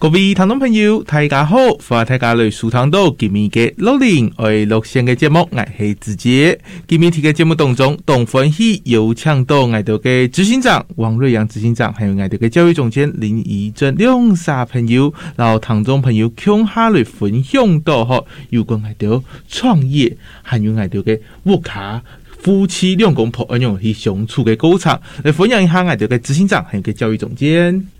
各位聽眾朋友，大家好，歡迎睇下嚟蘇糖度今面的樂齡愛樂線嘅節目，我是自杰。今面聽嘅節目當中，董歡喜又搶到愛到的執行長王瑞揚，執行長還有愛到的教育總監林沂蓁兩煞朋友，然後聽眾朋友響哈嚟分享到，嗬，如果係到創業，還有愛到的沃卡夫妻兩公婆一樣係相處的工廠，來分享一下愛到的執行長，還有個教育總監。我